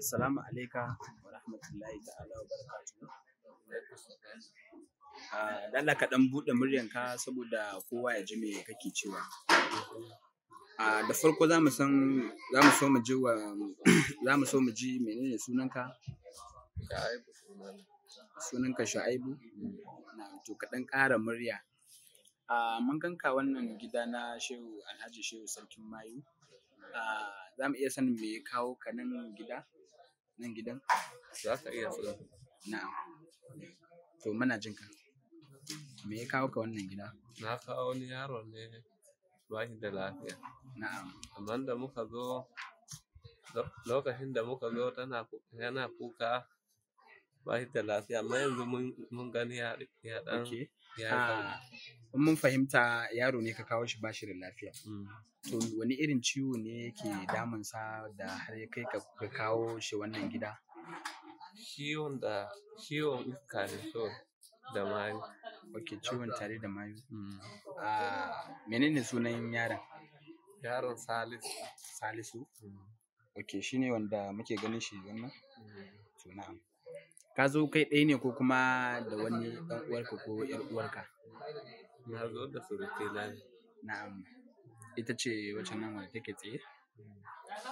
Salamu alaika wa rahmatullahi ta'ala wa barakatuhu. Lalla ah, ka ɗan buɗe muryanka saboda kowa ya ji me kake cewa. Ah, da farko za mu san za so mu ji wa za so mu ji menene sunanka? Sha'aibu sunanka Sha'aibu? To ka ɗan ƙara murya. Ah, mun ganka wannan gida na Shehu Alhaji Shehu Sarkin Mayu. Ah, za mu iya sanin me ya kawo ka nan gida nan gidan za ka iya faɗa na'am to muna jinka. me ya kawo ka wannan gida na kawo wani yaro ne ba shi da lafiya na'am amma da muka zo lokacin da muka zo tana yana kuka ba shi da lafiya amma yanzu mun gani ya ya dan ah, mun fahimta yaro ne ka kawo shi ba shi da lafiya mm. to wani irin ciwo ne yake sa da har ya kai ka kawo shi wannan gida ciwon da ciwon iska ne so da mayu ok ciwon tare da mayu mm. ah, menene sunan yaron yaron salisu salisu mm. ok shine wanda muke ganin shi wannan to na'am Ka zo kai ɗaya ne ko kuma da wani ɗan uwarka ko ƴar uwarka? Na zo da surutela ne. Na'am. Ita ce wacce nan wani take tsaye?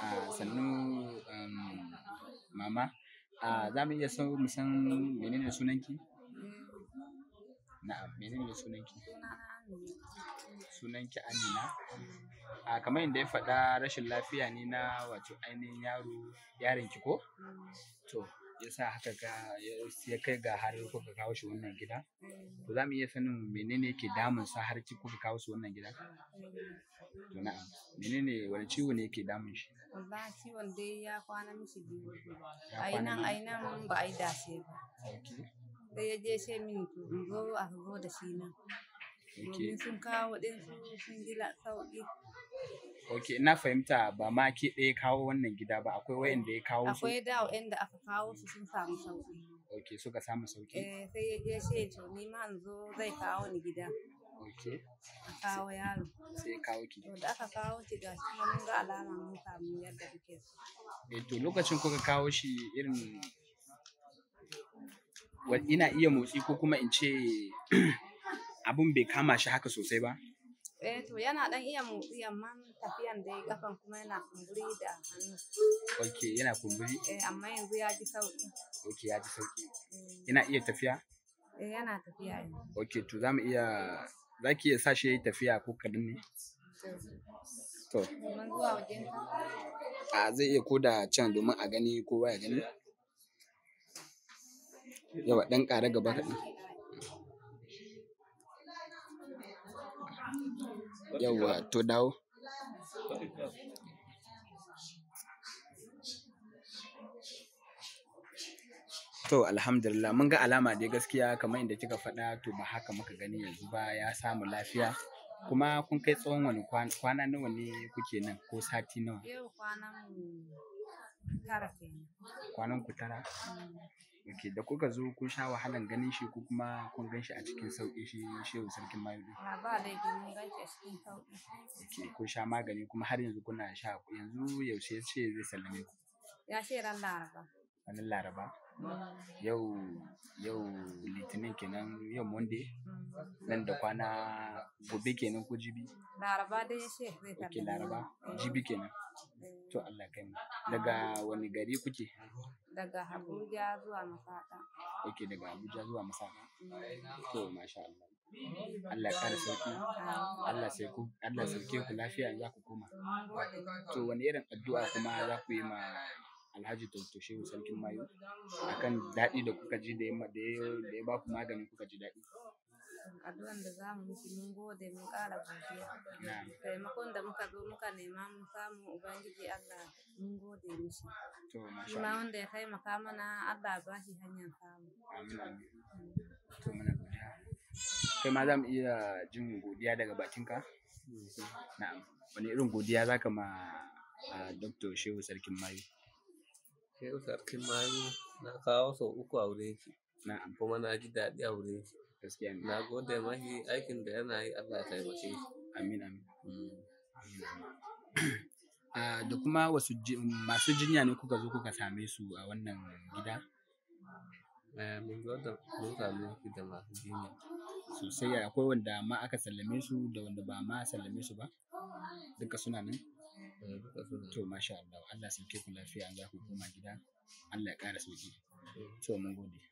a ah, sannu um, mama a ah, za mu iya so mu san menene sunanki na'am menene sunanki sunanki amina a ah, kamar yadda ya faɗa rashin lafiya ne na wato ainihin yaro yaron ki ko to ya sa haka ga ya kai ga har kuka kawo shi wannan gida to za mu iya sanin menene yake damun sa har ki kuka kawo shi wannan gida to na'am menene wani ciwo ne yake damun shi wallahi ciwon dai ya kwana mishi biyu ai nan ai nan ba ai dace ba sai ya je sai min to in zo a zo da shi nan domin sun kawo ɗin sun gila sauƙi ok na fahimta ba ma ke ɗaya kawo wannan gida ba akwai da ya kawo su akwai da da aka kawo su sun samu sauki ok suka samu sauki eh sai ya ce to ni ma zo zai kawo ni gida ok a kawo yaro sai ya kawo ki da aka kawo ki ga shi mun ga alama mun samu yadda kuke eh to lokacin kuka kawo shi irin ina iya motsi ko kuma in ce abun bai kama shi haka sosai ba eh to yana dan iya motsi amma tafiyan dai kafan kuma yana kumburi da hannu ok yana kumburi eh amma yanzu ya ji sauki ya ji sauki eh. yana iya tafiya eh yana tafiya to zamu iya zaki iya tafiya ko kadan ne to a zai iya koda can domin a gani kowa ya gani yawa dan ƙara gaba kaɗan Yawwa to dawo. To alhamdulillah mun ga alama dai gaskiya kamar inda kika faɗa to ba haka muka gani yanzu ba ya samu lafiya kuma kun kai tsawon wani kwana nawa ne kuke nan ko sati nawa? Yau kwanan Tara Kwanan ku tara? Mm. Okay. Da kuka zo kun sha wahalan ganin shi ko kuma kun gan shi a cikin sauki shi shehu sarkin mayu ɗin? Ba laifi mun gan a cikin sauki Okay. Kun sha magani kuma har yanzu kuna sha yanzu yaushe ce zai sallame ku? Ya ce ran Laraba. ran Laraba? yau yau litinin kenan yau monday mm. nan da kwana gobe kenan ko jibi laraba dai sheikh zai tabbata laraba jibi kenan eh. to Allah kai mu daga wani gari kuke daga Abuja zuwa Masaka okay daga Abuja zuwa Masaka to masha Allah Allah ya kara sauki Allah sai ku Allah sauke ku lafiya za ku koma to wani irin addu'a kuma za ku yi ma Alhaji Dr. Shehu Sarkin Mayu akan daɗi da kuka ji da yamma da ya ba ku maganin kuka ji daɗi. Addu'an da za mu miki mun gode mun ƙara godiya. Taimakon da muka zo muka nema mun samu Ubangiji Allah mun gode mishi. To masha Allah. wanda ya taimaka mana Allah ba shi hanyar samu. Amin amin. To muna godiya. Kai ma za mu iya jin godiya daga bakinka? Mm-hmm. Na'am. Wani irin godiya za ka ma ah, Dr. Shehu Sarkin Mayu? Shehu sarkin mayu na kawo sau uku a wurin shi. Na'am. Kuma na ji daɗi a wurin shi. Gaskiya ne. Na gode mahi aikin da yana yi Allah ya taimake shi. Amin amin. Mm. Ah, da kuma wasu masu jinya ne kuka zo kuka same su a wannan gida? Eh, mun zo da mun same su da masu jinya. Sosai akwai wanda ma aka sallame su da wanda ba ma sallame su ba? Duka suna nan? to masha Allah Allah sauke ku lafiya an za ku koma gida Allah ya ƙara sauki to mun gode